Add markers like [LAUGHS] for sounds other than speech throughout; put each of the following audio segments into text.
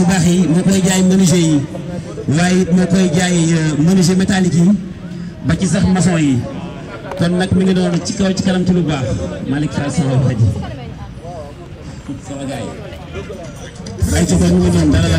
yu baax yi moo koy jaay menuisier yi moo koy jaay euh, menuisier métallique yi ba ci sax maçon yi kon nag mu ngi doon ci kaw ci kanam ci lu baax Malick Fall sama waa ji sama gars yi ngi doon dara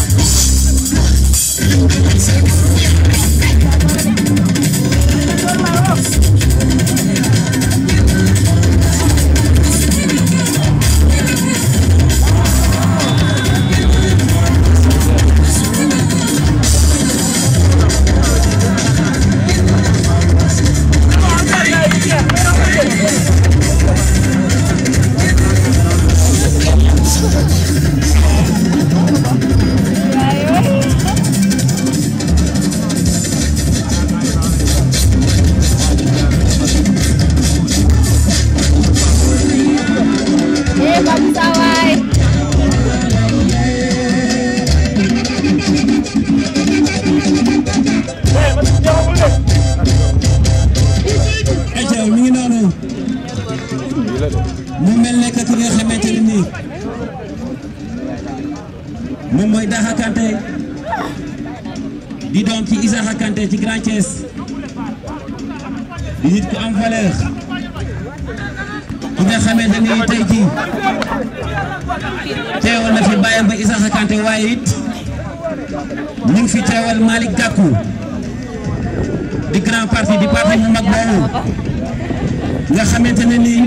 xamante ne nii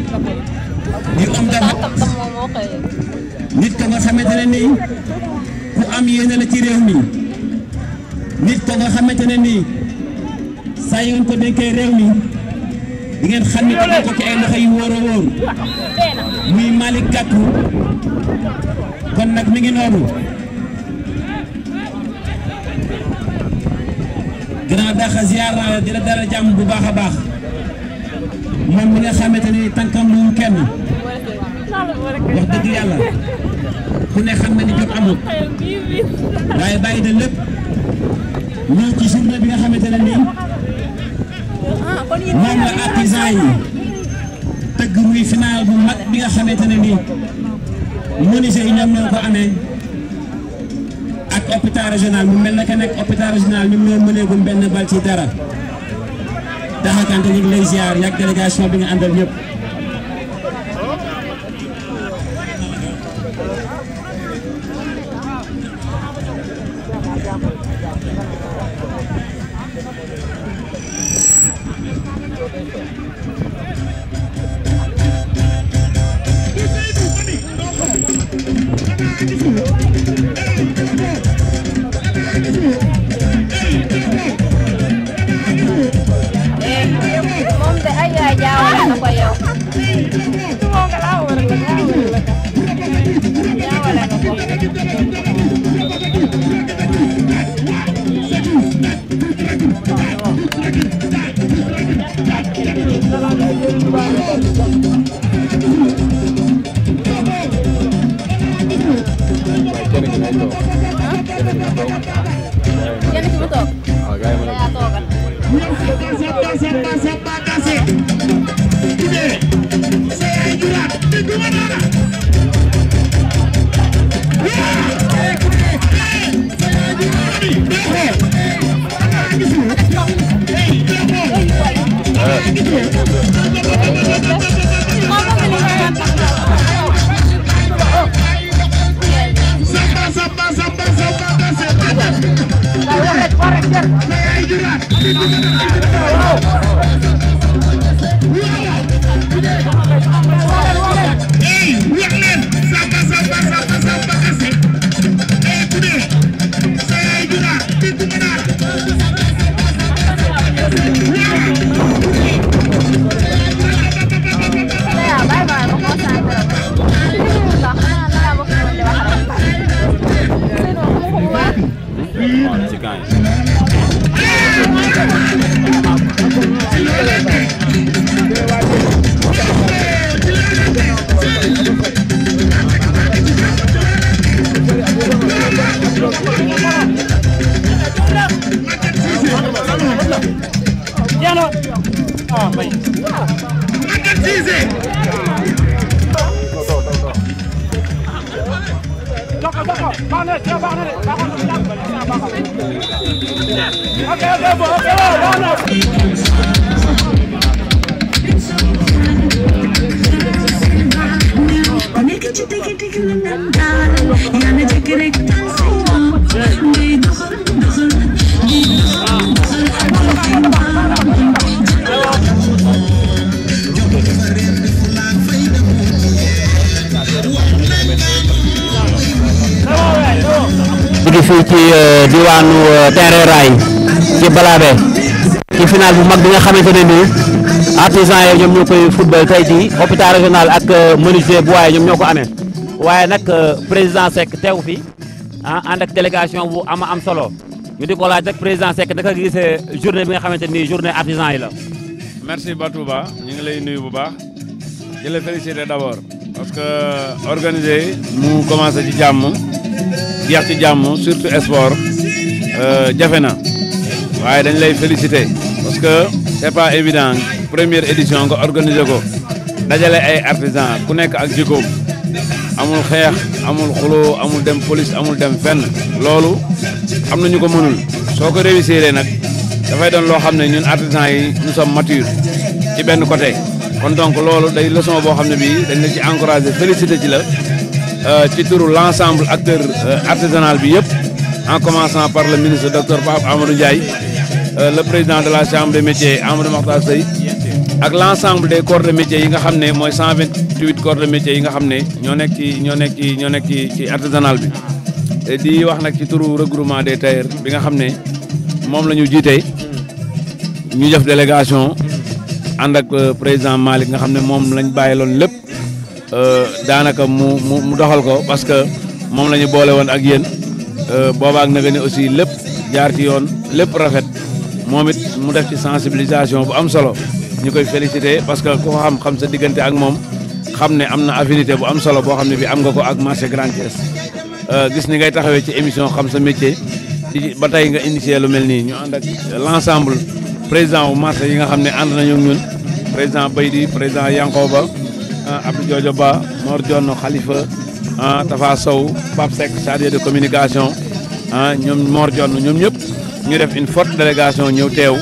di homme d'affaires nit ka nga xamante nii ku am yéene la ci réew mi nit ka nga xamante nii saa yu ko dénkee réew mi di ngeen xam ne ko ci ay loxo yu wóor a muy Malick Gakou kon nag mi ngi noonu gannaaw dàqa ziar naa la dina dara jàmm bu baax a baax. moom mi nga xamante ni tànkam lu kenn wax dëgg yàlla ku ne xam na ni jot amul bàyyi na lépp ñëw ci journée bi nga xamante ne nii moom la artisan yi tëgg muy final bu mag bi nga xamante ne nii menuisier yi ñoom ñoo ko amee ak hôpital régional mu mel na que nekk hôpital régional ñoom ñoo mëneegum benn bal ci dara. Dama Kanté ñu ngi lay ziar yak délégation bi nga àndal ñëpp. Thank you. Wow! xamante ne nii régional ak euh, menuisier bu waaye ko waaye nag euh, président Seck teew fi ah ànd ak délégation bu ama am solo ñu di ko laaj rek président Seck naka gisee journée bi nga xamante nii journée artisan yi la. merci Batouba ñu ngi lay nuyu bu baax di la féliciter d'abord parce que euh, organiser mu commencé ci jàmm jeex ci jàmm surtout sport jafe na waaye dañ lay féliciter parce que. c'est pas évident première édition nga organisé ko dajale ay artisans ku nekk ak jikkoom amul xeex amul xuloo amul dem police amul dem fenn loolu am nañu ko mënul soo ko réussiree nag dafay doon loo xam ne ñun artisans yi nous sommes matures ci benn côté kon donc loolu day leçon boo xam ne bii dañ la ci encouragé félicité ci la euh, ci turu l' ensemble acteur euh, artisanal bi yëpp en commençant par le ministre docteur Pape Amadou Ndiaye Euh, le président de la chambre des métiers Amadou Makhtar Seye ak l' ensemble des corps de métiers yi nga xam ne mooy 128 corps de métiers yi nga xam ne ñoo nekk ci ñoo nekk ci ñoo nekk ci ci artisanal bi. di wax nag ci turu regroupement des tailleurs bi nga xam ne moom la ñu jiitee ñu def délégation ànd ak euh, président Malick nga xam ne moom lañ bàyyi loon lépp euh, daanaka mu mu mu doxal ko parce que moom la ñu boole woon ak yéen boobaak nag ne aussi lépp jaar ci yoon lépp rafet. moom it mu def ci sensibilisation bu am solo ñu koy félicité parce que ko xam xam sa diggante ak moom xam ne am na affinité bu am solo boo xam ne bi am nga ko ak marché Grand Thiès euh, gis ni ngay taxawee ci émission xam sa métier di ba tey nga initié lu mel nii ñu ànd ak l' ensemble président bu marché yi nga xam ne ànd nañu ñun président Baydi président Yankoba euh, Abdou Diodio Ba Mor Diono Khalifa euh, Tafa Sow Pape Seck chargé de communication ñoom Mor Diono ñoom ñëpp. ñu def une forte délégation ñëw teew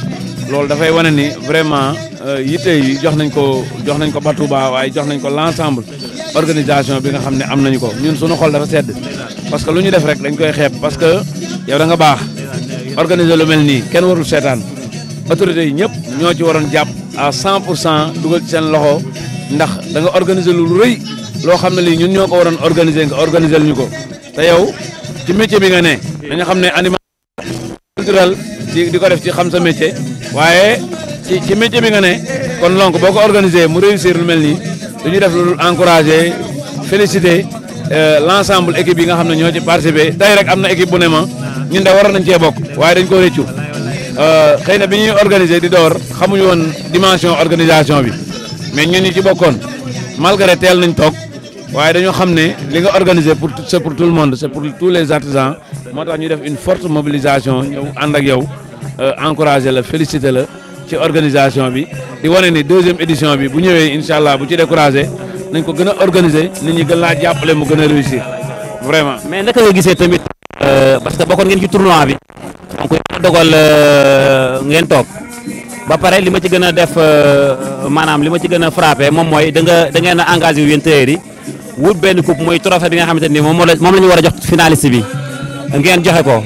loolu dafay wane ni vraiment euh, yitte yi jox nañ ko jox nañ ko Batouba waaye jox nañ ko l'ensemble organisation bi nga xam ne am nañu ko ñun suñu xol dafa sedd parce que lu ñu def rek dañ koy xeeb parce que yow da nga baax organiser lu mel nii kenn warul seetaan autorités yi ñëpp ñoo ci waroon jàpp à 100 pour cent dugal ci seen loxo ndax da nga organiser lu rëy loo xam ne lii ñun ñoo ko waroon organiser nga organiser ñu ko culturel di ko def ci xam sa métier waaye ci ci métier bi nga ne kon donc boo ko organisé mu réussir lu mel nii du ñu def lu encouragé félicité euh, l' ensemble équipe yi nga xam ne ñoo ci participé tey rek am na équipe bu ne ma ñun de waroon nañ cee bokk waaye dañ ko réccu euh, xëy na bi ñuy organisé di door xamuñu woon dimension organisation bi mais ñun ñi ci bokkoon malgré teel nañ toog. waaye dañoo xam ne li nga organisé pour c'est pour tout le monde c'est pour tous les artisans moo tax ñu def une forte mobilisation ñëw ànd ak yow euh, encouragé la félicité la ci organisation bi di wane ni deuxième édition bi bu ñëwee incha allah bu ci découragé nañ ko gën a organiser nit ñi gën laa jàppale mu gën a réussir vraiment. mais naka nga gisee tamit euh, parce que bokkoon ngeen ci tournoi bi donc yàlla euh, ngeen toog ba pare li ma ci gën a def maanaam li ma ci gën a frappé moom mooy da da ngeen a engagé wu yéen yi. wut benn coupe mooy trophée bi nga xamante ni moom la moom la war a jox finaliste bi ngeen joxe ko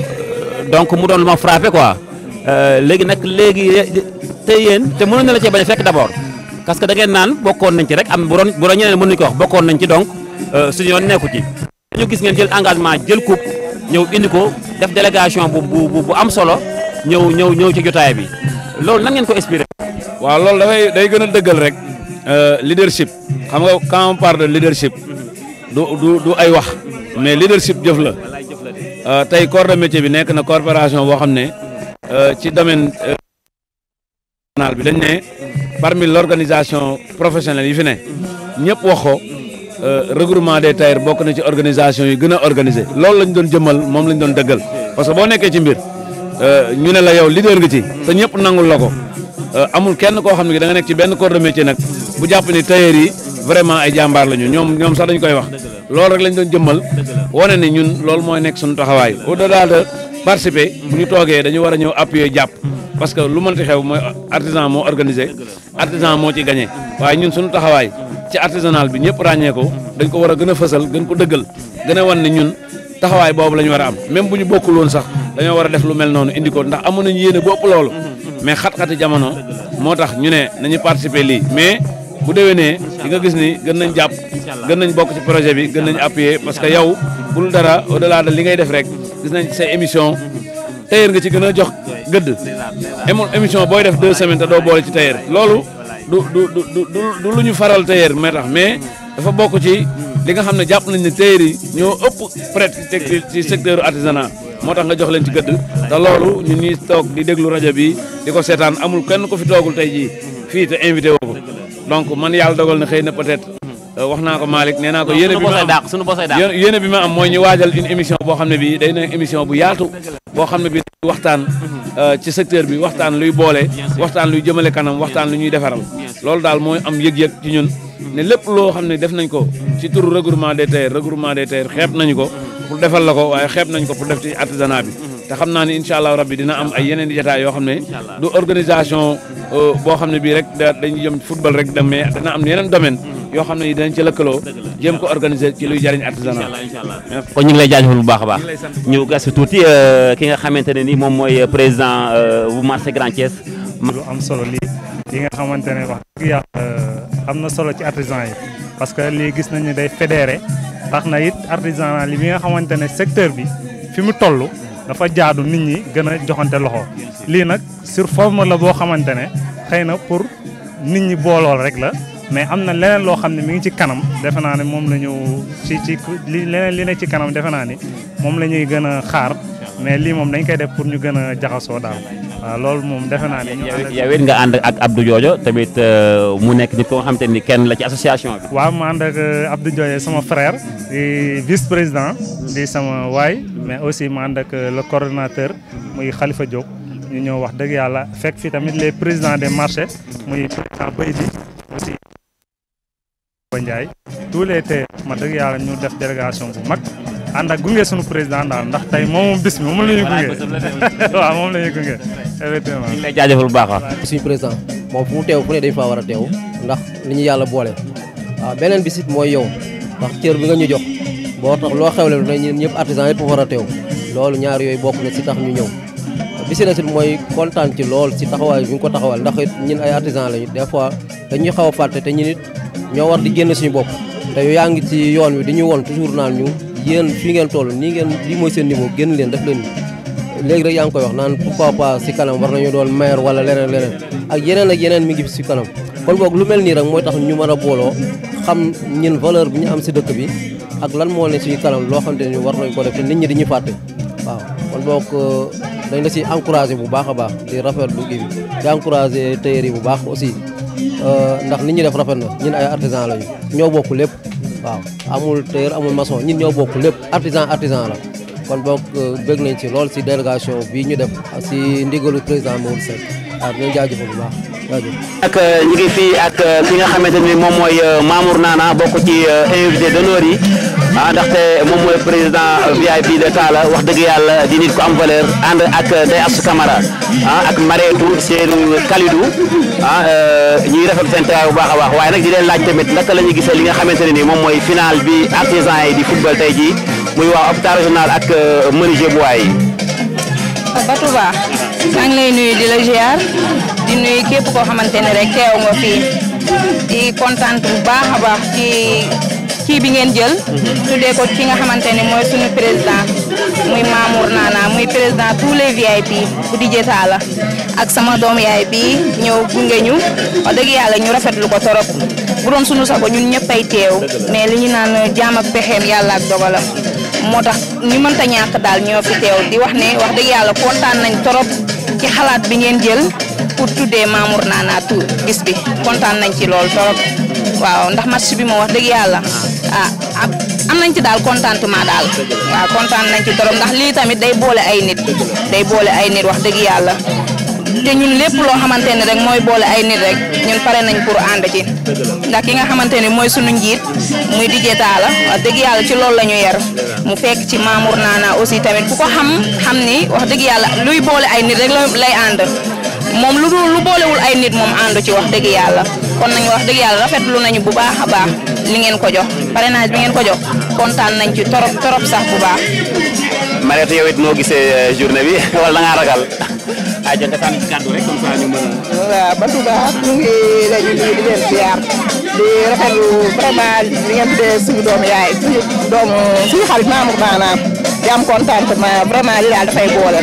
donc mu doon lu ma frappé quoi euh, léegi nag léegi te yéen te mënoon na la cee bañ a fekk d' abord parce que da ngeen naan bokkoon nañ ci rek am bu doon bu doon ñeneen mën nañu ko wax bokkoon nañ ci donc euh, suñu yoon nekku ci. ñu gis ngeen jël engagement jël coupe ñëw indi ko def délégation bu bu bu am solo ñëw ñëw ñëw ci jotaay bi loolu nan ngeen ko inspiré. waaw loolu dafay day gën a dëggal rek euh, leadership xam nga quand on du du ay wax mais leadership jëf la euh, tey corps de métier bi nekk na corporation boo xam ne euh, ci domaine national euh, bi dañ ne parmi l'organisation professionnelle yi fi ne ñëpp wax ko regroupement des tailleurs bokk na ci organisation yi gën a organisé loolu lañ doon jëmmal moom lañ doon dëggal parce que boo nekkee ci mbir ñu ne la yow leader nga ci te ñëpp nangul la ko amul kenn koo xam ne da nekk ci benn corps de nag bu jàpp ni tailleur yi vraiment ay jàmbaar lañu ñoom ñoom sax dañ koy wax loolu rek lañ doon jëmmal wane ne ñun loolu mooy nekk suñu taxawaay au delà de participer bu ñu toogee dañu war a ñëw appuyer jàpp parce que lu mënti xew mooy artisan moo organisé artisan moo ci gagné waaye ñun suñu taxawaay ci artisanal bi ñëpp ràññee dañ ko war a gën a fësal gën ko dëggal gën a wan ne ñun taxawaay boobu la ñu war a am même bu ñu bokkul woon sax dañoo war a def lu mel noonu indi ko ndax amoon nañu yéene bu ëpp loolu mais xat-xati jamono moo tax ñu ne nañu participer lii mais bu déwénee di nga gis ni gën nañ jàpp gën nañ bokk ci projet bi gën nañ appuyer parce que yow bul dara au delà de li ngay def rek gis nañ say émission tailleur nga ci gën a jox gëdd émul émission booy def deux semaines te doo boole ci tailleur loolu du du du du lu ñu faral tailleur mais tax mais dafa bokk ci li nga xam ne jàpp nañ ne tailleur yi ñoo ëpp prête ci secteur artisanat moo tax nga jox leen ci gëdd te loolu ñun ñuy toog di déglu rajo bi di ko seetaan amul kenn ko fi toogul tey jii fii te invité woo ko donc man yàlla dogal na xëy na peut-être euh, wax naa ko Malick nee naa ko yéene bi ma am suñu bi ma mooy ñu waajal une émission boo xam ne bii day na émission bu yaatu boo xam ne bii waxtaan euh, ci secteur bi waxtaan luy boole waxtaan luy jëmale kanam waxtaan lu ñuy defaral loolu daal mooy am yëg-yëg ci ñun ne lépp loo xam ne def nañ ko ci turu regroupement des terres regroupement des terres xeeb nañ ko pour defal la ko waaye xeeb nañ ko pour def ci artisanat bi te xam naa ni incha allah rabbi dina am ay yeneen i jotaay yoo xam ne. du organisation euh, boo xam ne bii rek dañu jëm football rek dem mais dana am yeneen domaine yoo xam ne dinañ ci lëkkaloo jéem ko organiser ci luy jariñ artisanat kon ñu ngi lay jaajëfal bu baax a baax ñu gas euh, ki nga xamante ne ni moom mooy euh, président bu marché Grand Thiès lu am solo lii yi nga xamante ne wax dëgg yàlla am na solo ci artisan yi parce que li gis nañu day fédéré tax na it artisanat li bi nga xamante ne secteur bi fi mu toll dafa jaadu nit ñi gën a joxante loxo lii nag sur forme la boo xamante ne xëy na pour nit ñi boolool rek la mais am na leneen loo xam ne mi ngi ci kanam defe naa ne moom la ñëw ci ci li ci kanam defe naa ni moom la ñuy gën a xaar mais lii moom dañ koy def pour ñu gën a jaxasoo daal waaw ah, loolu moom defe naa ni. yow it nga ànd ak Abdou Diodio tamit euh, mu nekk nit ko nga xamante ni kenn la ci association bi. waaw ma ànd ak euh, Abdou Diodio sama frère. di vice président. di sama waay. mais aussi ma ànd ak euh, le coordonnateur. muy xalifa Diop. ñu ñëw wax dëgg yàlla fekk fi tamit les président des marché muy président Bay di aussi. les te ma dëgg yàlla ñu def délégation bu mag. ànd ak gunge suñu président daal ndax tey moom bis bi moom la ñuy gunge [LAUGHS] waaw moom la ñu ngi lay jaajëfal bu baax a. suñu président moom fu mu teew fu ne dañ faa war a teew ndax li ñu yàlla boole waaw beneen bisit mooy yow ndax cër bi nga ñu jox boo loo xewle lu ne ñun ñëpp artisan yëpp war a teew loolu ñaar yooyu bokk na si tax ñu ñëw. bisi na si mooy kontaan ci lool si taxawaay bi ñu ko taxawal ndax ñun ay artisan lañu des fois dañuy xaw a fàtte te ñun ñoo war di génn suñu bopp te yaa ngi ci yoon wi di ñu woon toujours naan ñu yéen fii ngeen toll nii ngeen lii mooy seen niveau génn leen def leen léegi rek yaa ngi koy wax naan pourquoi si kanam war nañu doon maire wala leneen leneen ak yeneen ak yeneen mi ngi si kanam kon boog lu mel nii rek mooy tax ñu mën a booloo xam ñun valeur bi ñu am si dëkk bi ak lan moo ne si kanam loo xamante ne war nañ ko def te nit ñi dañuy fàtte waaw kon euh, dañ la si encouragé bu baax a baax di rafetlu kii bi di encouragé tailleur yi bu baax aussi euh, ndax nit ñi def rafet na ñun ay artisan ñoo bokk lépp waaw amul tailleur amul maçon ñun ñoo bokk lépp artisan artisan la kon boog euh, bëgg nañ ci lool ci délégation bii ñu def si ndigalu président Maodo Seck waaw ñoo jaajëfal bu baax jaajëf. ak euh, ñu ngi ak euh, ki nga xamante ni moom mooy Mamour Nana bokk ci invité yi. ah ndaxte moom mooy président VIP de Talla wax dëgg yàlla di nit ku am valeur ànd ak day as Camara ah, ak Mareetu Seenu Kalidou ah euh, ñuy rafetlu seen teewaay bu baax a baax waaye nag di leen laaj tamit naka la ñuy gisee li nga xamante ne nii moom mooy final bi artisan yi di football tey jii muy waa hôpital régional ak euh, menuisier bu waay. Fatou Ba maa lay nuyu di la ziar di nuyu képp koo xamante ne rek teew nga fii di kontaan bu baax a baax ci. kii bi ngeen jël. tuddee ko ki nga xamante ne mooy suñu président muy Mamour Nana muy président tous les VIP bu di jetaa la ak sama doom yaay bi ñëw gunge ñu wax dëgg yàlla ñu rafetlu ko torop bu doon suñu sago ñun ñëpp ay teew mais li ñu naan jaam ak pexeem yàlla ak dogalam moo tax ñu mënta ñàkk daal ñoo fi teew di wax ne wax dëgg yàlla kontaan nañ torop ci xalaat bi ngeen jël pour tuddee Mamour Nana tu bis bi kontaan nañ ci lool torop dëgg yàlla ah am nañ ci daal contentement daal waaw kontaan nañ ci trop ndax lii tamit day boole ay nit day boole ay nit wax dëgg yàlla te ñun lépp loo xamante ne rek mooy boole ay nit rek ñun pare nañ pour ànd ci ndax ki nga xamante ne mooy sunu njiit muy DJ Talla wax dëgg yàlla ci loolu la ñu yar mu fekk ci Mamour Nana aussi tamit ku ko xam xam ni wax dëgg yàlla luy boole ay nit rek lay ànd. moom lu lu boolewul ay nit moom àndu ci wax dëgg yàlla kon nañu wax dëgg yàlla rafetlu nañu bu baax a baax li ngeen ko jox parrainage bi ngeen ko jox kontaan nañ ci torop torop sax bu baax. Mariette yow it noo gisee euh, journée bi [LAUGHS] wala da ngaa ragal. ah [LAUGHS] jënd sànni ci kàddu rek comme ça ñu mën a. waaw ba Touba ñu ngi dañu di leen ziar di rafetlu vraiment li ngeen tuddee suñu doomu yaay suñu doomu suñu xarit maamu maanaam di am contentement vraiment li daal dafay boole.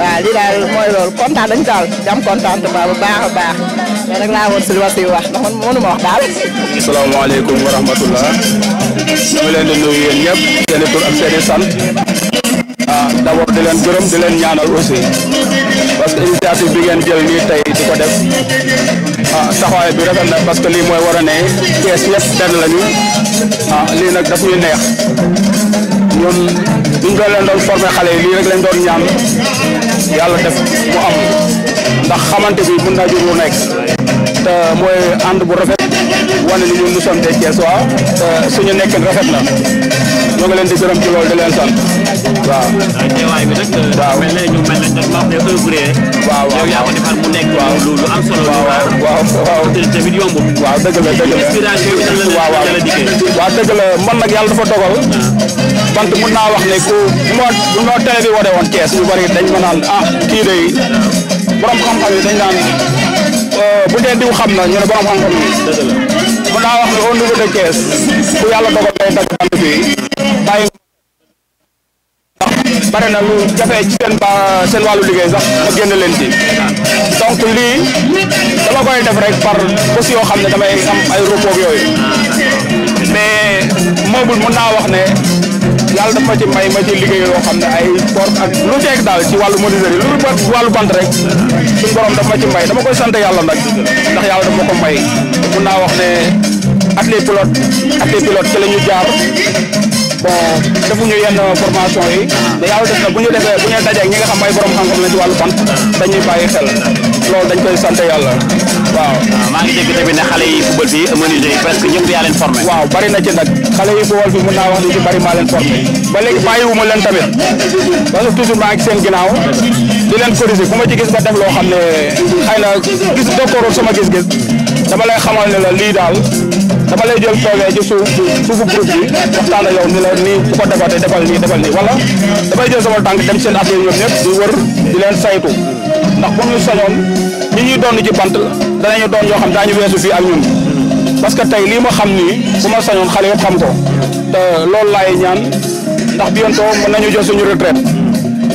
waaw lii daal mooy loolu kontaan nañu daal di am baax a baax mais nag laa woon si li ma siy wax ndax man mënu ma wax daal. wa rahmatulah. dama leen di nuyu yéen ñëpp. ak seen i sant. ah leen gërëm di leen ñaanal aussi. parce que initiative bi ngeen jël nii tey di ko def. ah taxawaay bi na parce que lii mooy war a ne kees yëpp benn lañu. ah lii nag daf ñuy neex. ñun. ñu doon leen doon formé xale yi lii rek lañ doon ñaan yàlla def mu am ndax xamante bi mën naa jur lu nekk te mooy ànd bu rafet wane ni ñun nous sommes des Thiessois te suñu nekkin rafet na ñoo ngi leen di gërëm ci di leen sant waaw. Euh, waaw waaw waaw dëgg la dëgg la waaw waaw dëgg la man nag yàlla dafa dogal. Ah. sant mun naa wax ne ku bu ma bi wane woon Thiès ñu bari dañ ma naan ah kii day borom xam-xam yi dañ naan euh, bu dee diw xam na ñu ne borom xam-xam yi. mun naa wax ne au niveau de Thiès ku yàlla dogal na lu jafe ci seen ba seen wàllu liggéey sax ma leen ci donc koy def rek par bés yoo xam ne damay am ay repos yooyu mais moom mën naa wax ne. yàlla dafa ci may ma ci liggéey yoo xam ne ay port ak lu nekk daal ci wàllu menuiserie lu dul wàllu bant rek suñu borom dafa ci may dama koy sant yàlla nag ndax yàlla dafa ko may mun naa wax ne atelier pilote atelier pilote ci la ñu jaar. bon defuñu yenn formation yi mais ah. yàlla def na bu ñu defee bu ñu dajee ñi nga xam ay borom xam-xam lañ ci wàllu pant ah. dañuy bàyyi xel loolu dañ koy sant yàlla waaw ah, maa ngi dégg tamit ne xale yi football bi menuisier parce que ñëpp yaa leen formé waaw bari na ci nag xale yi football bi mën naa wax ni ci bari maa leen formé ba léegi bàyyiwuma leen tamit parce que toujours maa seen ginnaaw di leen corriger bu ma ci gis ba def loo xam ne xëy na gis docteur sama gis-gis dama lay dama lay jël toogee ci suuf suufu groupe bi waxtaan ak yow ni la nii bu ko defatee defal nii defal nii wala damay jël sama tànk dem seen atelier ñoom ñëpp di wër di leen saytu ndax bu ñu sañoon ñi ñuy doon ci bant danañu doon yoo xam daa daañu weesu fii ak ñun parce que tey lii ma xam nii bu ma sañoon xale yëpp xam ko te loolu laay ñaan ndax bientôt mën nañu jël suñu retraite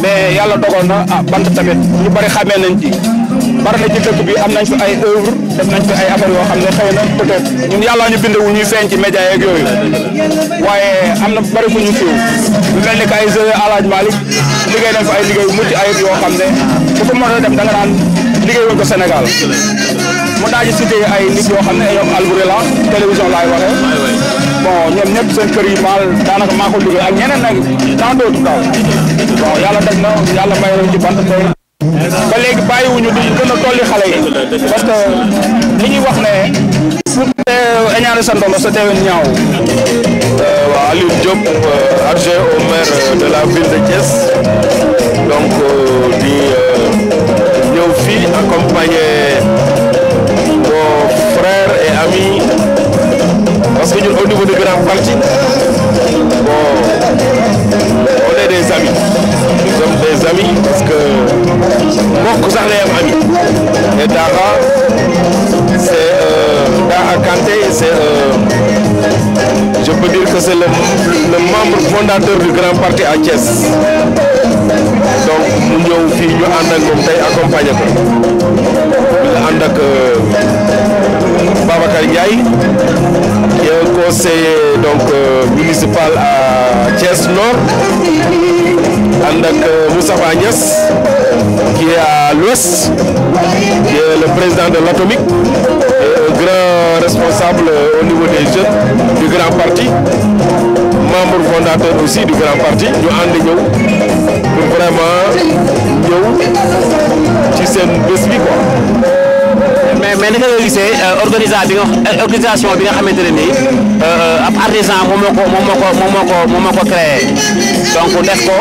mais yàlla dogal na ah bant tamit ñu bari xamee nañ ci. bari na ci dëkk bi am nañ fi ay œuvre def nañ fi ay affaire yoo xam ne xëy na peut feeñ ci média yeeg yooyu waaye am na bari fu ñu siiw lu ni que ay jeu alaaj Malick liggéey nañ fa ay liggéey mucc ayib yoo xam ne ku ko mën a def da nga naan liggéeyoo ko Sénégal mu daal di cité ay nit yoo xam ne ñoom Albourila télévision laay waxee bon ñoom ñëpp seen kër yi maal daanaka maa ko liggéey ak ñeneen nag tant d'autres daal bon yàlla def na yàlla ba léegi bàyyiwuñu di gën a dolli xale yi parce que li ñuy wax ne pour te ñaari sa ndono sa teewee ñaaw euh, waaw Aliou Diop euh, adjoint au maire de la ville de Thiès donc euh, di ñëw fii accompagner nos frères et parce que ñun au niveau de grand parti bon on est des amis nous sommes des mbokk sax lay ami et Daara c' est euh, Daara Kanté euh, je peux dire que c' le membre fondateur du grand parti à Thiès donc mu ñëw fii ñu ànd ak moom tey accompagné ko ñu ànd ak. Euh, Babacar Ndiaye qui est un conseiller donc euh, municipal à Thiès Nord ànd ak euh, Moustapha Niass qui est à l'ouest qui est le président de l'Atomic et un grand responsable euh, au niveau des jeunes du grand parti membre fondateur aussi du grand parti ñu ànd ñëw vraiment ñëw ci seen bés bi mais naka nga gisee euh, organisa bi nga euh, organisation bi ne nii euh, ab artisan moom moo ko moom moo ko moom donc def ko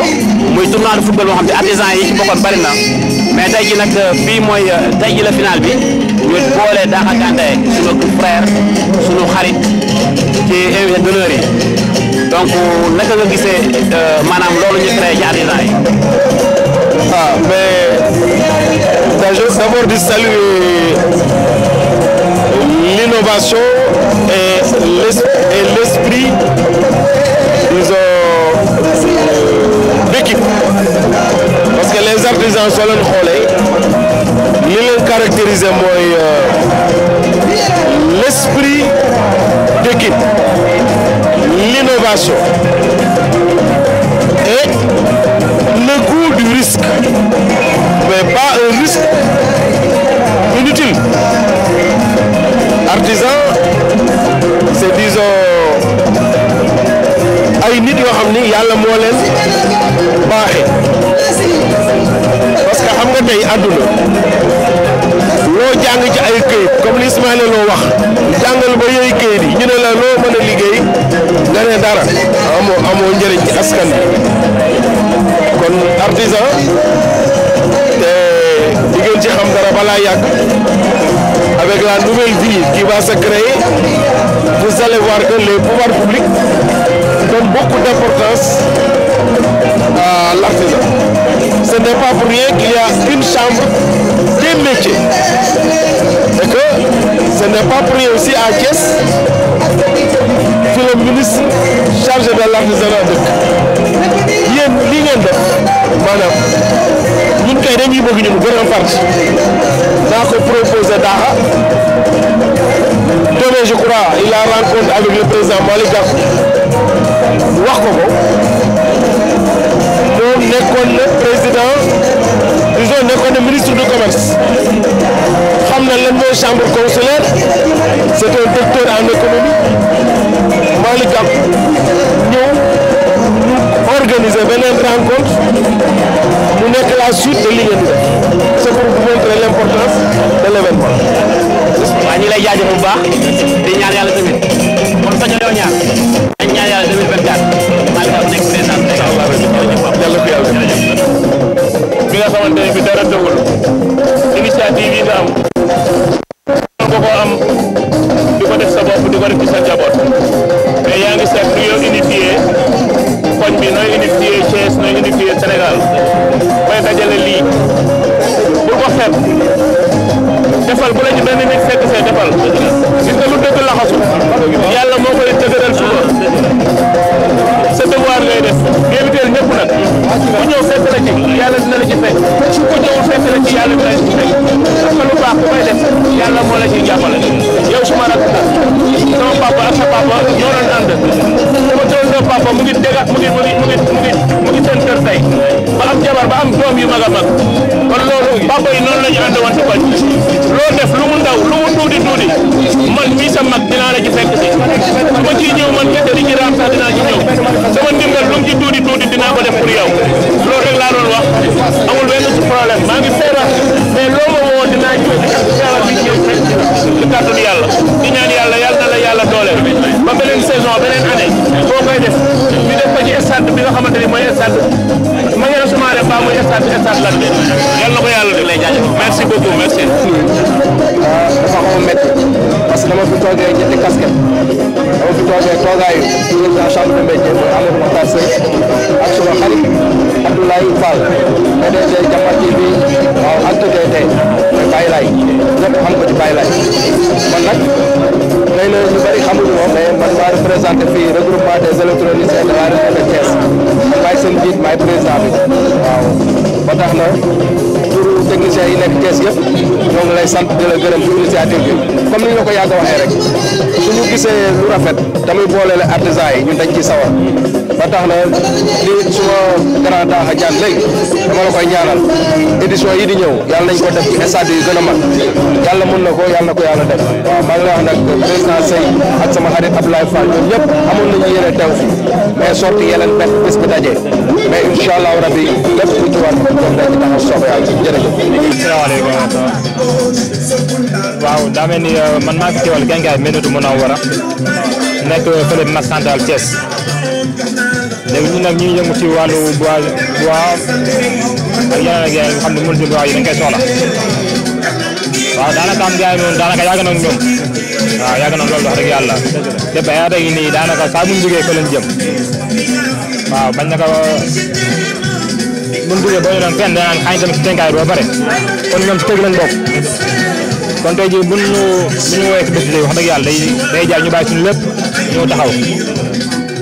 muy tournoi de football moo xam ne artisan yi ci bokkoon bari mais tey jii nag fii mooy tey jii la final suñu xarit ci invité yi donc naka nga gisee maanaam loolu ñu créé ci artisan yi. waaw ah, mais d'abord di saluer. l'innovation et l'esprit euh, d'équipe parce que les artisans soo leen xoolee li leen caractériser mooy euh, l'esprit d'équipe l'innovation et le goût du risque mais pas un risque inutile artisan c'est disons ay nit yoo xam ni yàlla moo leen baaxee parce que xam nga tey àdduna loo jàng ci ay këyit comme li Ismaïla loo wax jàngal ba yooyu këyit yi ñu ne la loo mën a liggéey nga ne dara amoo amoo njëriñ ci askan bi kon artisan ci xam dara balaa yàgg avec la nouvelle vie qui va se créer vous allez voir que les pouvoirs publics beaucoup d'importance à l'artisan. Ce n'est pas pour qu'il y a une chambre des métiers. Et ce n'est pas pour aussi à Thiès que chargé de l'artisanat lii ngeen def maanaam ñun kay dañuy bëgg ñun gën a far daa ko proposé Daha demain je crois il a rencontre avec le président Malick Gakou wax ko ko moom nekkoon na président disons nekkoon na ministre du commerce xam na lan mooy chambre consulaire c'est un docteur en économie Malick Gakou beneen rencontre mu nekk la suite de li ngeen di def c'est pour vous montrer l'importance de l'événement. waaw lay jaajëf bu baax di ñaan yàlla tamit kon sañoon yow ñaar dañ ñaan maa ngi doon nekk président bi incha allah yàlla ko yàlla ne bi dara dëggul initiative yi nga am. lan de yàlla na ko yàlla def. merci beaucoup merci. Ah, dafa xaw a métti parce que dama fi toogee ñetti casquette dama fi toogee toogaayu président chambre de métier mooy Amadou Makhtar Seye ak suma xarit Abdoulaye Fall PDG Jàppal TV bi waaw ak tëjee tey mooy Baye Laye ñëpp xam ko nag xëy na ñu bëri xamuñu moom mais man fii regroupement des électroniciens de la région de Thiès man maay seen ba tax na pour techniciens yi nekk Thiès yëpp ñoo ngi lay sant di la gërëm ci initiative comme ni la ko yàgg waxee rek su ñu gisee lu rafet tamit boole la artisan yi ñun dañ ci sawar ba tax na li suma grand taax a jaan léegi dama la koy ñaanal édition yi di ñëw yàlla nañ ko def ci stade yu gën a mag yàlla mun na ko yàlla na def waaw maa ngi lay wax sama xarit Abdoulaye Fall ñoom ñëpp amoon nañu yéene teew fi mais sorti yeneen benn bés daje mais incha allahu rabi lépp lu ci war moom dañ ci taxaw soob yàlla jërëjëf. asalaamaaleykum wa waaw daa ni euh, man maa ngi teewal Gangaay Médina Munawara nekk fële Mass Central léegi ñun nag ñu ngi ci wàllu bois bois ak yeneen ak yeneen xam ne mën ci bois yi dañ koy soxla waaw daanaka am jaay moom dëgg yàlla lépp ay at a ngi nii daanaka saa bu ñu jógee fa lañ jëm waaw bañ na ko bu ñu jógee ba ñu doon fenn danaan xaañ tamit ci tënkaay bi kon ñoom ci tëgg lañ bokk kon tey jii ñu bu ñu woowee ci bés bi wax dëgg yàlla day day ñu bàyyi suñu lépp ñëw taxaw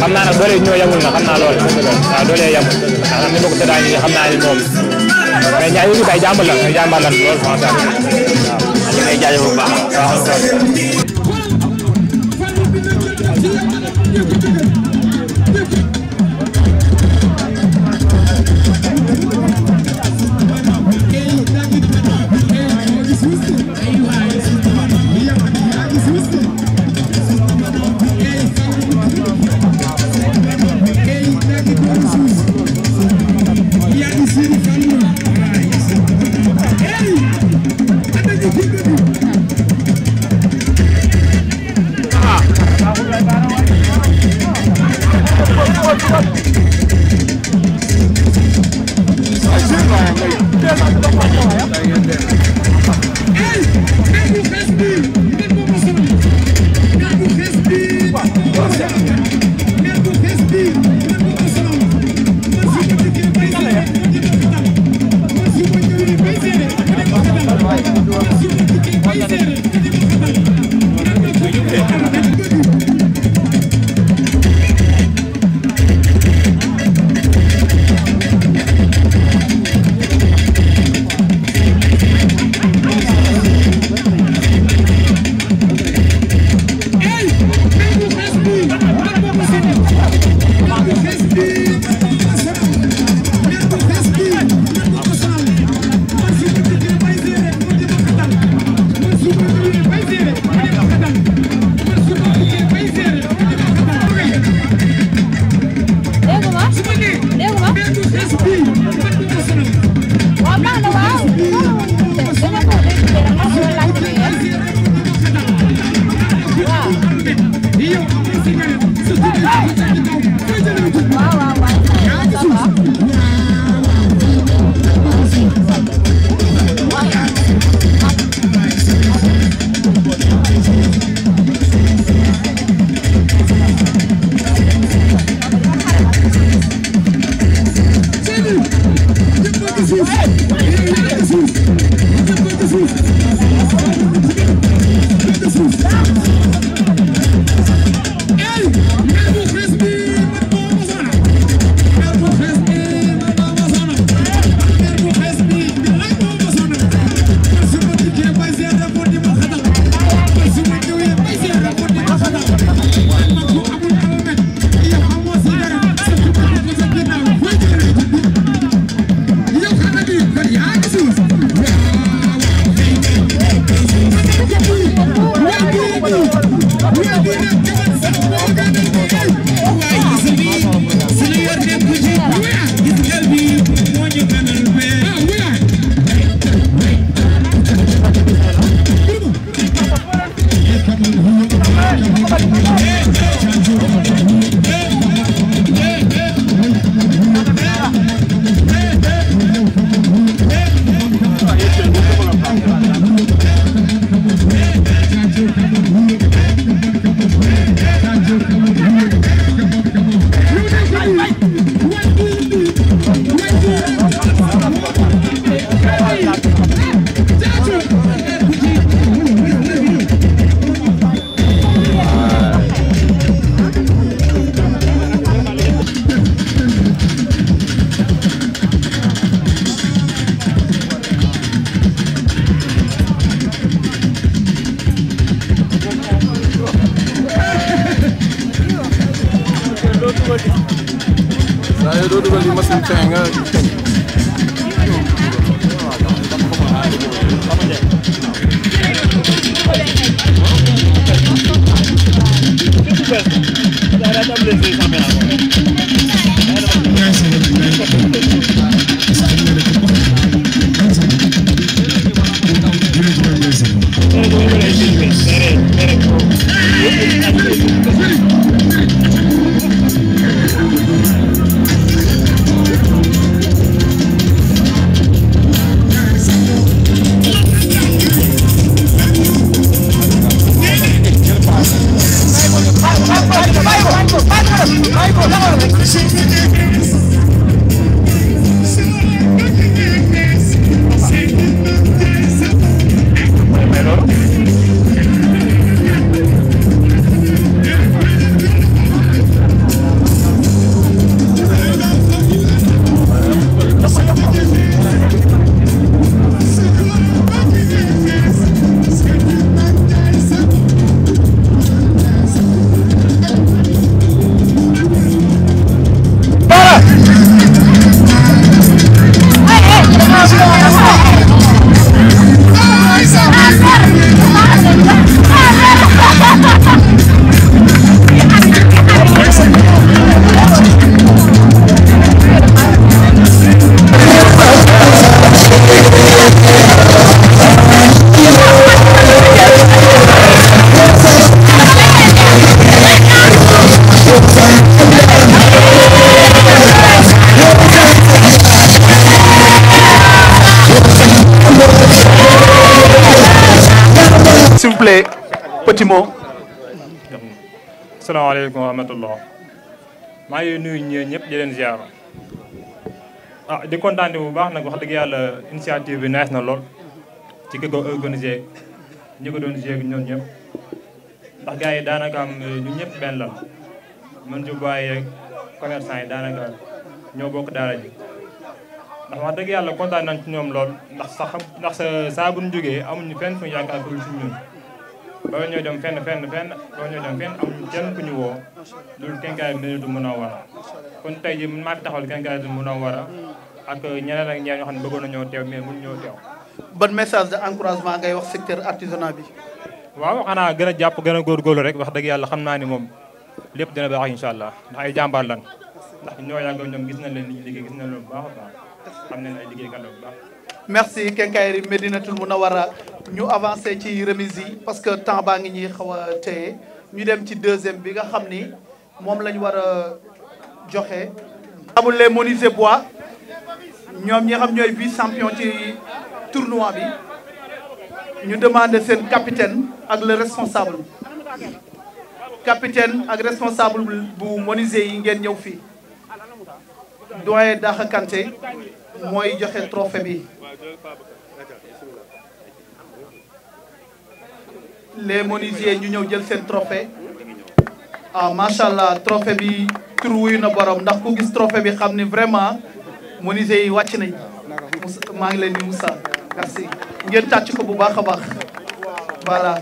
xam naa nag doole yi ñoo yamul na xam naa loolu waaw doole yi yamul ndax ni ma ko tëddaa ñu xam naa ne moom mais ñaar yëpp ay jàmbaar la ay jàmbaar la loolu franchement waaw ñu ngi lay jaajëfal bu baax asalaamaaleykum wa rahmatullah maa ngi nuyu ñëpp ñëpp di leen ziar ah, di kontaan bu baax nag wax dëgg yàlla initiative bi neex na lool ci ki ko organisé ñi ko doon jéeg ñëpp ndax gars yi daanaka am ñu ñëpp benn la man ju bàyyi rek commerçant yi daanaka ñoo bokk daara ji ndax wax dëgg yàlla kontaan nañ ci ñoom lool ndax sax ndax sa saa bu ñu jógee amuñu fenn fu yaakaar ko bala ñoo dem fenn fenn fenn bala ñoo dem fenn amuñu kenn ku ñu woo loolu kenkaay Madinatu Munawwara kon tey jii maa fi taxawal kenkaay Munawwara ak ñeneen ak ñeneen ñoo xam ne bëggoon nañoo teew mais mënu ñoo teew. ban message de encouragement ngay wax secteur artisanat bi. waaw xanaa gën jàpp gën a góorgóorlu rek wax dëgg yàlla xam naa ni moom lépp dina baax incha allah ndax ay jàmbaar lan ndax ñoo yàgg ñoom gis nañ leen li ñu liggéey gis na leen baax a baax xam nañ ay liggéeykat la merci Kenkayri Medinatul Munawara ñu avancé ci remise yi parce que temps baa ngi ñuy xaw a ñu dem ci deuxième bi nga xam ni moom lañu ñu war a joxe. amul les menuisiers bois ñoom ñi xam ñooy vice champion ci tournoi bi ñu demande seen capitaine ak le responsable. capitaine ak responsable bu menuisier yi ngeen ñëw fii doyen Daxa Kanté mooy joxe trophée bi les menuisiers ñu ñëw jël seen trophée ah macha allah trophée bi tur wuyu na borom ndax ku gis trophée bi xam ni vraiment menuisiers yi wàcc nañ maa ngi leen di Moussa merci ngeen tàcc ko bu baax a baax voilà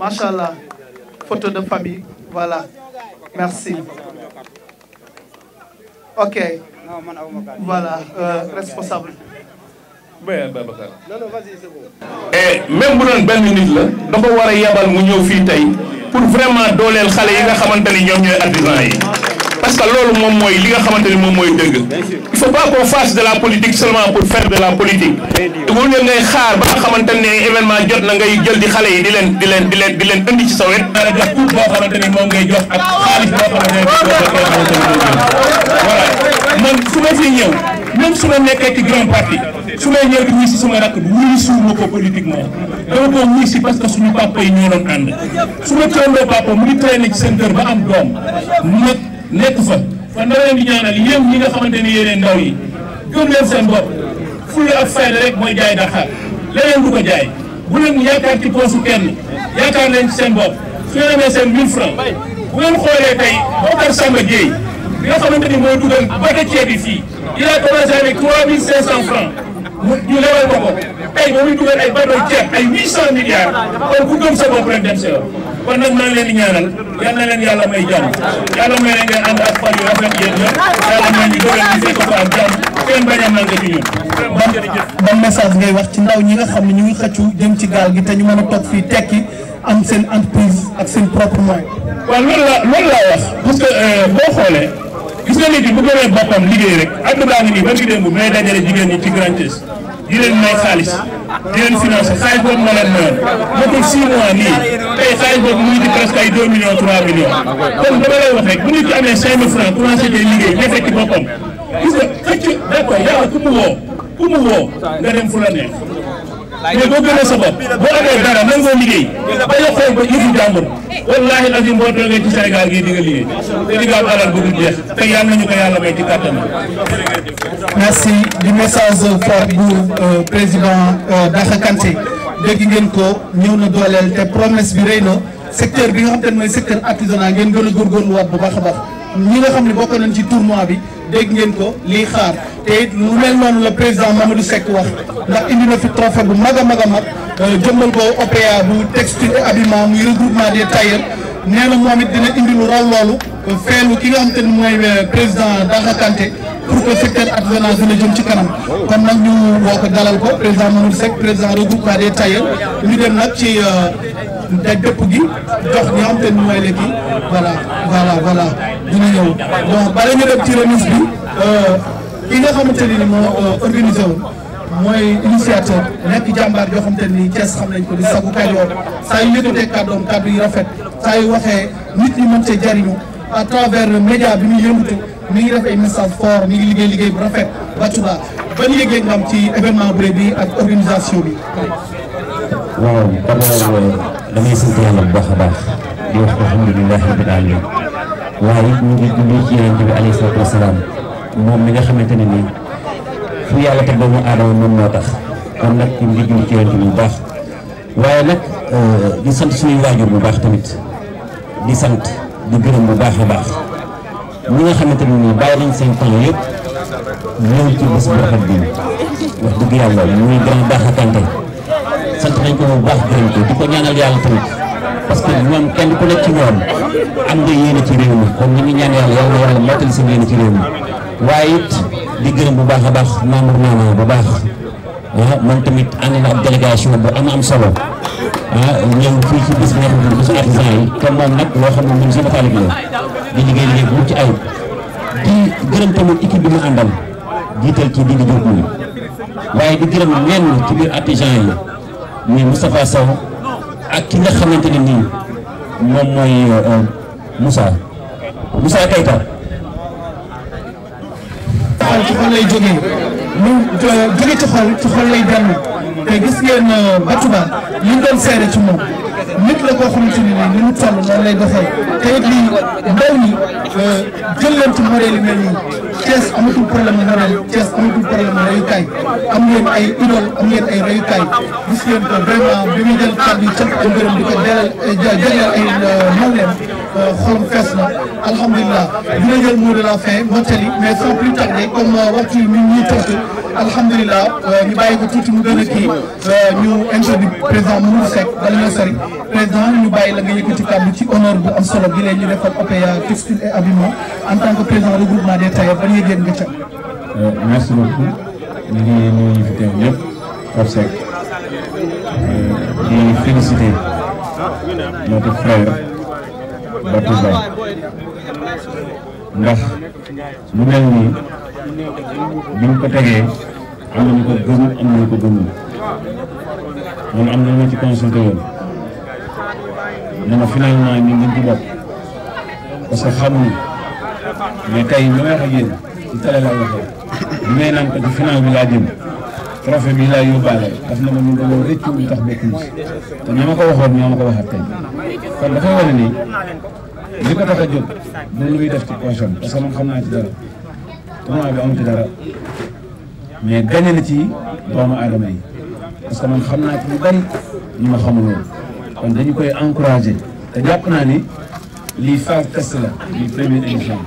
macha allah photo de famille voilà merci ok. voilà euh, responsable. bien Babacar. et eh, même bu doon benn nit la dafa war a yabal mu ñëw fii tey pour vraiment dooleel xale yi nga xamante ni ñoom ñooy artisans yi. parce que loolu moom mooy li nga xamante ni moom mooy dëgg il faut pas qu'on fasse de la politique seulement pour faire de la politique wul ngay xaar ba nga xamante événement jot na ngay jël di xale yi di leen di leen di leen leen indi ci sa wet dana jox tuut moom su ma fi ñëw même su ma nekkee ci grand parti su may ñëw di wuy si sama rakk bi wuyu suuma ko politiquement dama ko wuy si parce que suñu papa yi ñoo doon ànd su ma coondoo papa mu ngi traîné seen kër ba am doom nekk fa kon dama leen di ñaanal yéen ñi nga xamante ni yéeneen ndaw yi gëm leen seen bopp fulla ak fayda rek mooy jaay Dakar leneen du ko jaay bu leen yaakaar ci poosu kenn yaakaar leen ci seen bopp su ngeen amee seen 1000 francs bu ngeen xoolee tey Bokar Samba Dieye nga xamante ni mooy dugal bata ceeb bi fii il a commencé avec 3500 francs mu ñu lebal ko ko tey ba muy dugal ay bateau ceeb ay 800 milliards kon ku gëm sa bopp rek dem si kon nag maa leen di ñaanal yal na leen yàlla may jàmm yàlla may leen ngeen ànd ak fan yu rafet yéen yàlla may jàmm kenn a manqué ci ñun. ban message ngay wax ci ndaw ñi nga xam ne ñu ngi xëccu jëm ci gaal gi te ñu mën a toog fii tekki am seen entreprise ak seen propre moyen. waaw loolu la laa wax parce euh, boo xoolee gis nga nit yi bu a boppam liggéey rek àdduna baa ngi nii ba ngi démb mais dajale jigéen ñi ci grand di leen may saalis di leen financé xaalis boobu ma leen mayoon bokkul 6 mois nii tey xaalis boobu mu ngi di presque ay millions 3 millions kon dama lay wax rek bu nit amee 5000 francs commencé di liggéey nga fekk boppam gis nga xëcc d' accord yàlla ku mu woo nga dem fu la neex mais boo gënee sa bopp boo amee dara nangoo liggéey ba nga xool ba yëfu wallaahi lazim boo toogee ci Sénégal gii di nga liggéey te di alal bu dul te yàlla ñu ko yàlla may ci kàttan merci di message fort bu euh, président Daxa euh, Kanté dégg ngeen ko ñëw na dooleel te promesse bi rëy na secteur bi nga xam te ne mooy secteur artisanat ngeen gën a góorgóorluwaat bu baax a baax ñi nga xam ne bokk nañ ci tournoi bi dégg ngeen ko li xaar te it lu mel noonu la président Mamadou Seck wax ndax indi na fi trophée bu mag a mag a mag euh, jëmbal ko OPA bu textile habillement muy regroupement des tailleurs nee na moom it dina indi lu raw loolu euh, feelu ki nga xam te ne mooy euh, président Daha Kanté pour que secteur artisanat dina jëm ci kanam kon nag ñu woo ko dalal ko président Mamadou Seck président regroupement des tailleurs ñu dem nag ci da dëpp gi jox ñi xam te ni mooy léegi voilà voilà voilà dina ñëw bon bala ñu dem ci remise bi euh, ki nga xamante ni moo euh, organisé wu mooy initiateur nekk jàmbaar yoo xamante ni Thiès xam nañ ko di sagu Kajoor saa yu yëkkatee kàddoom kàddu yi rafet saa yu waxee nit ñi mën cee jariñu à travers média bi muy yëngatu mi ngi def ay message fort mi ngi liggéey liggéey bu rafet Bathioula ban yëgee nga am ci événement bu bi ak organisation bi. waaw damay sant yàlla bu baax a baax di wax alhamdulilahi rabbil alamin waaye it ñu ngi julli ci yonent bi alayhi salaatu wasalaam moom li nga xamante ne nii fu yàlla teg doomu aadama moom moo tax kon nag ñu ngi julli ci yonent bi bu baax waaye nag euh, di sant suñuy waajur bu baax tamit di sant di gërëm bu baax a baax ñi nga xamante ni nii bàyyi nañ seen temps yëpp ñëw ci bés bu rafet bi wax dëgg yàlla muy grand baax a tante sant nañ ko bu baax gërëm ko di ko ñaanal yàlla tamit parce que ñoom kenn ku nekk ci ñoom am nga yéene ci réew mi kon ñu ngi ñaan yàlla yàlla yàlla mottali ci réew mi waaye it di gërëm bu baax a baax membre naana bu baax ah man tamit ànd na ak délégation bu am am solo ah ñëw ci bis bi nga xam ne bisu artisan yi te moom nag loo xam ne ñun seen xaalis la di liggéey liggéey bu ci ayib di gërëm tamit équipe bi mu àndal jiital ci di di jóg waaye di ci biir artisan yi muy Moustapha Sow ak ki nga xamante ne nii moom mooy euh, euh, Moussa Moussa Keita. ci xol lay jógee lu jóge ci xol ci xol lay dellu te gis ngeen euh, Batouba li ñu doon seere ci moom. nit la koo xamante ne nii ni nit sàll euh, leen ci modèle yi mel nii Thiès amatul problème mu modèle Thiès amatul problème mu rayukaay am ngeen ay idole am ngeen ay rayukaay gis ngeen ko vraiment bi muy jël kàddu yi cant ak ngërëm di ko delal euh, jagleel ay nawleem euh, xool fees na alhamdulilah dina jël mot de la fin mais sans plus tarder comme waxtu yi ñun ñuy tënk alhamdulilah ñu bàyyi ko tuuti mu gën a kii ñu introduit président président ñu bàyyi la nga yëkkati kàddu ci honneur bu am solo bi leen ñu defal OPEA textile et habillement en tant que président regroupement des tailleurs ban yëg-yëg nga ca. Euh, merci beaucoup ñu ngi nuyu fi teew ñëpp Pape Seck euh, di féliciter notre frère Batou Ba ndax lu mel nii bi ñu ko tegee am nañu ko gëm am nañu ko gëmul moom am na ñu ci consulté woon. dama finalement ñun dañ ci bopp parce que xamuñu mais tey li may wax ak yéen ci télé laa waxee li may naan ko ci final bi laa jëm trophée bi laa yóbbaale daf na ma ñu doon rëccu lu tax bokkuñu si te ñoo ma ko waxoon ñoo ma ko waxaat tey kon dafay wane ni li a jóg def ci poche am man xam naa ci dara tournoi bi amu ci dara mais gagné na ci doomu aadama yi parce que man xam naa ci lu bari ma xamul kon dañu koy encouragé te jàpp naa ni lii phase test la lii première émission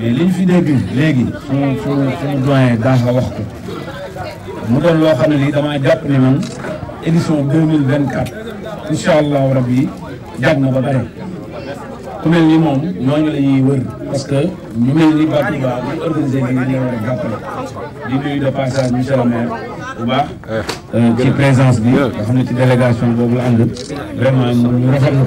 mais li ñu fi dégg léegi su suñu suñu doyen la wax ko mu doon loo xam ne lii damaa jàpp ni man édition 2024 incha allahu yi jag na ba pare ku mel ni moom ñoo ngi ñuy wër parce que ñu mel ni Batouba bu organisé bi ñu war a jàppale di nuyu de passage monsieur le maire bu baax euh, ci présence bi nga xam ne ci délégation boobu la ànd vraiment ñu rafetlu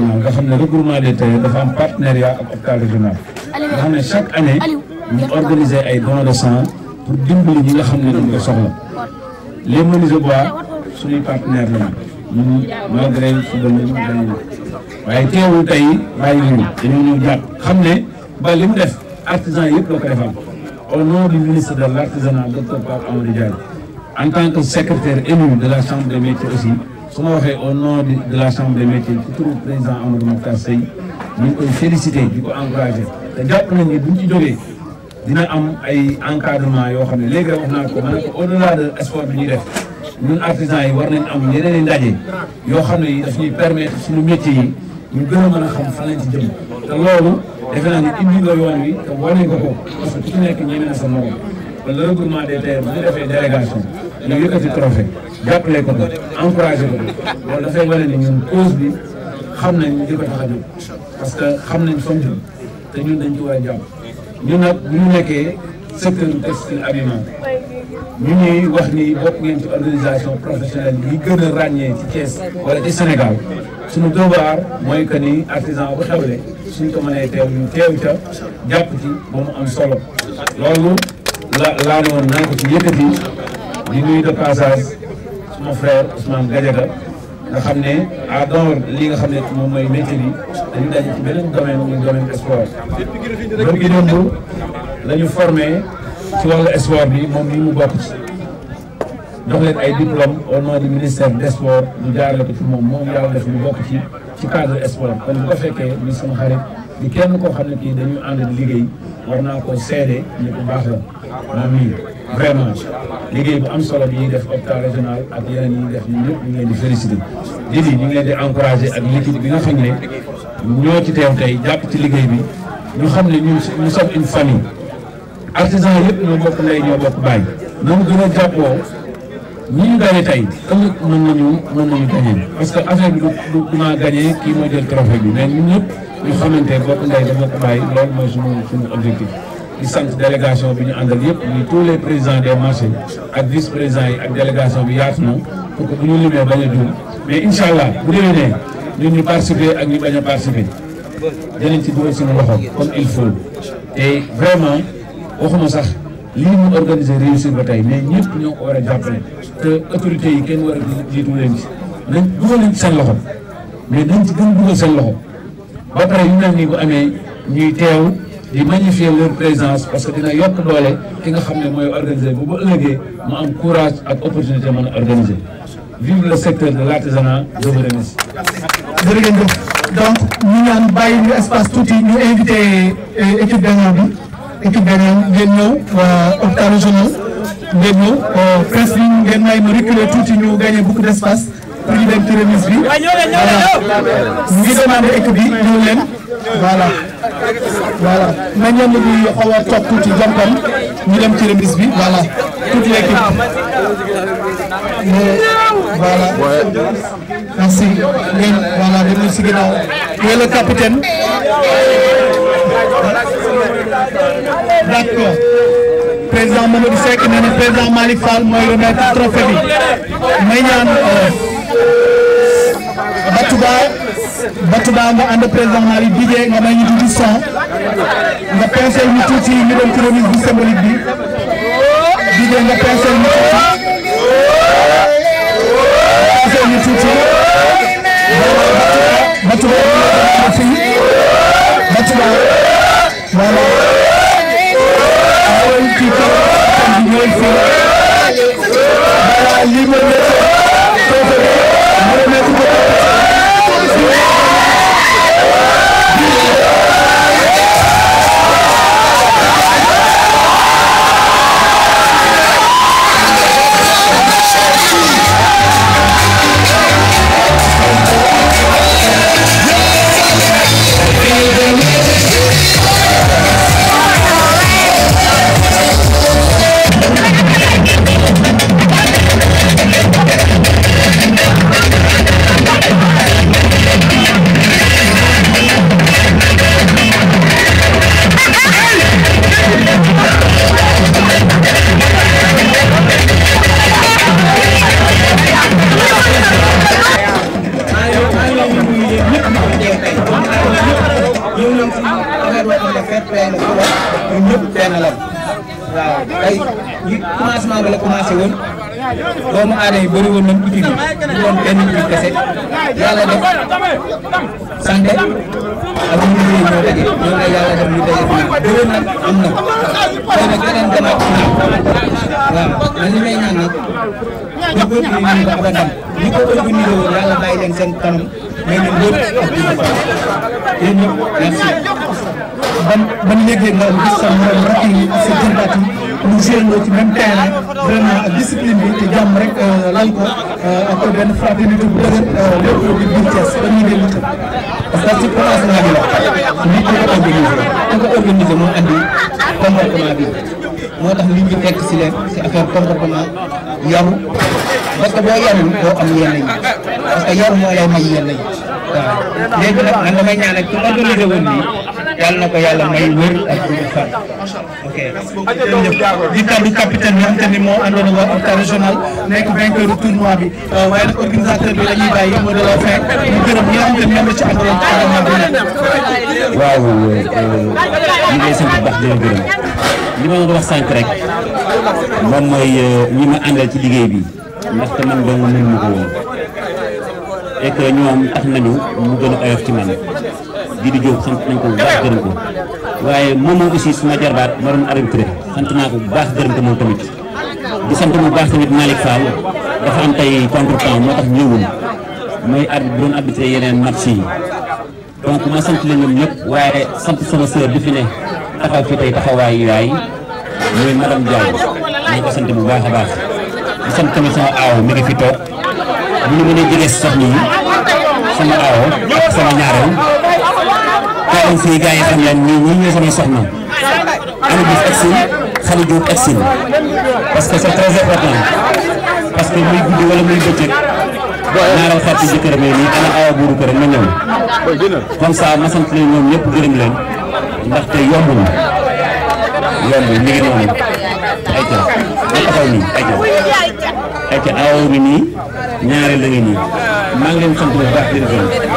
nga xam ne regroupement des terres dafa am partenariat ak hôpital régional nga xam ne chaque année ñu organiser ay dons de sang pour dimbali ñi nga xam ne dañ ko soxla les Monizoba suñuy partenaire la ñu malgré suba ñu dañu waaye teewul tey bàyyi ñu dañoo ñëw xam ne ba li mu def artisan yëpp la koy xam au nom du ministre de l' artisanat docteur Pape Amadou Diagne en tant que secrétaire élu de la chambre des métiers aussi su ma waxee au nom de la chambre des métiers ci turu président Amadou Mokhtar Seye ñu ngi koy félicité di ko encouragé te jàpp nañ ne buñ ci jógee dina am ay encadrement yoo xam ne léegi rek wax naa ko ma ne ko bi ñuy def ñun artisans yi war nañ am yeneen i ndaje yoo xam ne yi daf ñuy permettre suñu métier yi ñu gën a mën a xam fan lañ ci jëm te loolu defe naa ne indi nga yoon wi te wane nga ko ko parce que ku ci nekk ñeme na sa morom kon le regroupement des terres bu ñu defee délégation ñu yëkkati trophée jàppale ko ko encouragé ko ko loolu dafay wane bi xam nañ ñu parce que xam nañ fan te ñun dañ ci a jàpp ñun nag bu ñu nekkee secteur textile habillement ñu ñuy wax ni bokk ngeen ci organisation professionnelle yi gën a ràññee ci Thiès wala ci Sénégal suñu devoir mooy que ni artisan bu xewle suñ ko mënee teew ñu teew itam jàpp am solo loolu la laa ne woon naa bi ci yëkkati di nuyu de passage suma frère Ousmane xam ne à don li nga xam ne moom mooy métier bi dañu daje ci beneen domaine muy domaine sport bërgi démb la ñu formé ci wàllu sport bi moom nii mu bokk jox leen ay diplôme au nom du ministère des sports ñu jaarale ko ci moom moom yàlla def ñu bokk ci ci cadre sport kon bu ko fekkee ñu sama xarit di kenn koo xam ne kii dañu ànd di liggéey naa koo seede ñu ko baax la moom mii vraiment liggéey bu am solo bi ñuy def hôpital régional ak yeneen yi ñuy def ñun ñëpp leen di féliciter di ñu ngi leen ak l'équipe bi nga xam ne ñoo ci teew tey jàpp ci liggéey bi ñu xam ne ñun nous sommes une famille artisan yëpp ñoo bokk ndey ñoo bokk bàyyi ñoom gën a jàppoo ñi ñu gagné tey ëllëg mën nañu mën nañu gagné parce que affaire bi du du maa gagné kii moo jël trophée bi mais ñun ñu xamante bokk ndey dama ko bàyyi loolu mooy suñu suñu objectif. di sant délégation bi ñu àndal yëpp ni tous les présidents des marchés ak vice présidents yi ak délégation bi yaatu na pour que bu ñu limee bañ a juum mais incha allah bu déwénee ñun ñu participer ak ñu bañ a participer ci dugal suñu loxo comme il faut te vraiment waxuma sax. lii ñu organisé réussir ba tey mais ñëpp ñoo ko war a jàppale te autorités yi kenn war a jiitu leen ci nañ dugal seen loxo mais nañ ci seen loxo ba pare yu mel nii bu amee ñuy teew di magnifier leur présence parce que dina yokk doole ki nga xam ne mooy organiser bu ba ëllëgee mu am courage ak opportunité mën a organiser vive le secteur de l'artisanat je vous remercie. jërëjëf donc ñu ñaan bàyyi ñu espace tuuti ñu invité euh, équipe équipe beneen ngeen ñëw hôpital régional ngeen ñëw presse bi ngeen may ma reculer tuuti ñu gagné beaucoup d' espace pour ñu dem ci remise bi ñu ngi demandé équipe bi ñëw leen voilà voilà na ñenn ñi xaw a toog tuuti jonkon ñu dem ci remise bi voilà toute l' équipe mais voilà merci ngeen voilà dem si ginnaaw le capitaine d'accord président Mamadou Seck nee na président Malick Fall mooy remettre trophée bi may ñaan euh, Batouba Batouba nga ànd président Malick Dijé nga may ñu tuuti son nga pincel ñu tuuti ñu dem chronique bu symbolique bi nga pincel ñu tuuti pincel ñu tuuti Batouba réussir voilà li ma nekk soo ko dee mu remettre ko doomu aada yi bëri woon nañ utile bu doon benn utile kese a def santé ak ñu ngi na xëy na keneen demaat waaw man li may ñaan nag ñu bëri ñu ñu ko abandam ñi ko organisé woon yàlla bàyyi leen seen kanam mais ñun ñëpp ak ñu ko yéen ñëpp merci ban ban léeg-léeg nga gis sa morom rakk yi sa jëmbaat yi ñu joué ci même vraiment discipline bi te jàmm rek euh, lal ko euh, ak benn fraternité bu dëgër euh, lépp lu di biir Thiès dañuy dellu tëb si place naa bi moo tax liñ ñu fekk si leen si affaire comportement yaru parce que boo yarul doo am yenn yi parce que yaru moo lay may yenn waaw yàlla na ko yàlla may wér ak wér fan. ok jërëjëf di kàddu capitaine bi nga xamante waa bi euh, waaye organisateur bi la ñuy moo de la fin ñu gërëm ñi nga xamante ci euh, euh, gërëm li ma doon wax sànq rek moom mooy ñi ma àndal ci liggéey bi ndaxte man dong mu mu gën a oyof ci man. Didi Diop sant nañ ko bu baax gërëm ko waaye moom moom aussi suma jarbaat ma doon arbitre sant naa ko bu baax gërëm ko moom tamit di sant bu baax tamit Malick Fall dafa am tey contre temps moo tax ñëwul mooy arbitre doon arbitre yeneen match yi donc ma sant leen ñoom ñëpp waaye sant sama sœur bi fi ne taxaw fi tey taxawaayu yaay mooy madame Diaw ma ko sant bu baax a baax di sant tamit sama aaw mi ngi fi toog bu ñu mënee jege sax nii sama aaw ak sama ñaareel taxaw fii gaa yi xam leen nii ñii ñoo sama soxna Aliou Diouf exil Khady Diouf exil parce que c'est très important parce que muy guddi wala muy bëccëg ñaaral xeetu jëkkëram yi nii ana awa buuru këram ma ñëw comme ça ma sant leen ñoom yomb na yomb mi ngi noonu ayca nii ayca ayca nii maa ngi leen sant bu baax di leen gërëm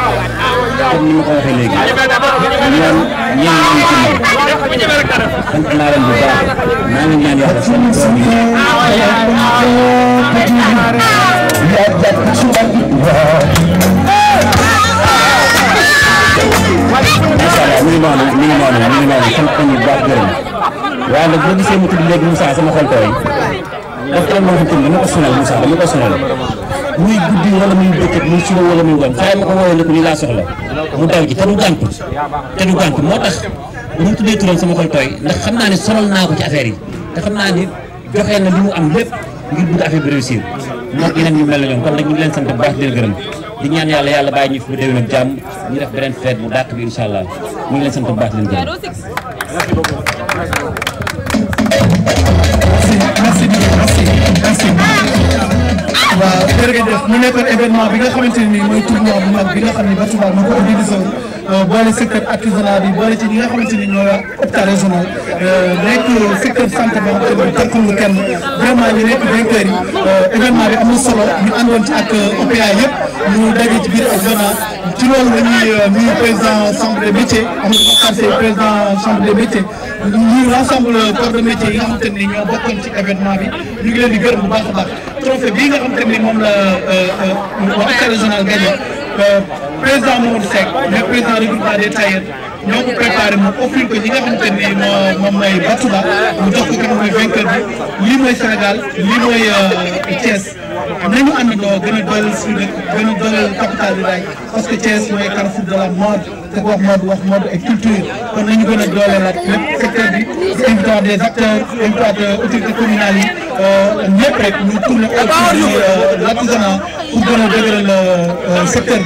comme ni ma ko waxee léegi ñoom ñoom ñoom ci ñoom sant naa leen bu baax maa ngi ñaan yàlla sant borom yi. macha allah mi ngi noonu mi ngi noonu mi ngi noonu sant nañu bu baax gërëm waaye nag boo gisee mu tudd léegi Moussa sama xol tooy daf teel moo fi tudd dama ko sonal Moussa dama ko sonal. muy guddi wala muy bëccëg muy suba wala muy ngoon xaaral ma ko woowee ne ko lii laa soxla mu daw ji te du gàntu te du gàntu moo tax bu mu tuddee turam sama xol tooy ndax xam naa ne sonal naa ko ci affaire yi te xam naa ni joxe na li mu am lépp ngir bëgg affaire bi réussir moom yeneen mel na ñoom kon nag ñu ngi leen sant bu baax leen gërëm di ñaan yàlla yàlla bàyyi ñu fi bu déwén ak jàmm ñu def beneen feet bu dàkk bi incha allah ñu ngi leen sant bu baax di leen gërëm. merci waaw jërëjëf mu nekkoon événement bi nga xamante ne nii mooy tournoi bu mag bi nga xam ne Batou Ba moo ko organisé woon euh, boole secteur artisanat bi boole ci ñi nga xamante ni ñoo wax hôpital régional euh, nekk secteur santé ba nga xam ne tënkuwul kenn vraiment ñu nekk vainqueur yi euh, événement bi am na solo ñu àndoon ci ak OPA yëpp ñu daje ci biir ak Zona ci loolu la ñuy nuyu président chambre des métiers Amadou Bakar Seye président chambre des métiers ñu rassemble corps de métier yi nga xamante ne ñoo bokkoon ci événement bi ñu ngi leen di gërëm bu baax a baax. trophée bii nga xam te ni moom la waa euh, euh, euh, régional gagné président Mamadou Seck nekk président regroupement des tailleurs ñoo ko préparé mu offrir ko ñi nga xam te ni moom mooy Batouba mu jox ko ki moom mooy vainqueur bi lii mooy Sénégal lii mooy Thiès nañu àndandoo gën a dooleel suñu dëkk gën a dooleel capital bi daay parce que Thiès mooy carrefour de la mode. ku wax mode wax mode et culture kon nañu gën a dooleelaat lépp secteur bi di invité des acteurs invité autorités communales yi euh, ñëpp rek ñu tourner autour euh, de l'artisanat pour gën a dëgëral euh, secteur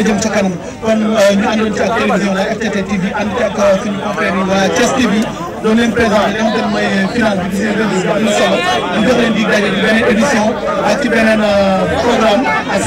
a jëm ca kanam kon ñu àndoon ci ak télévision la RTT TV ànd ci ak suñu confrère yi waa Thiès TV doon leen présenté li nga xam mooy finance bi di seen rëdd bu am solo ñu jox leen di daje ci beneen édition ak ci programme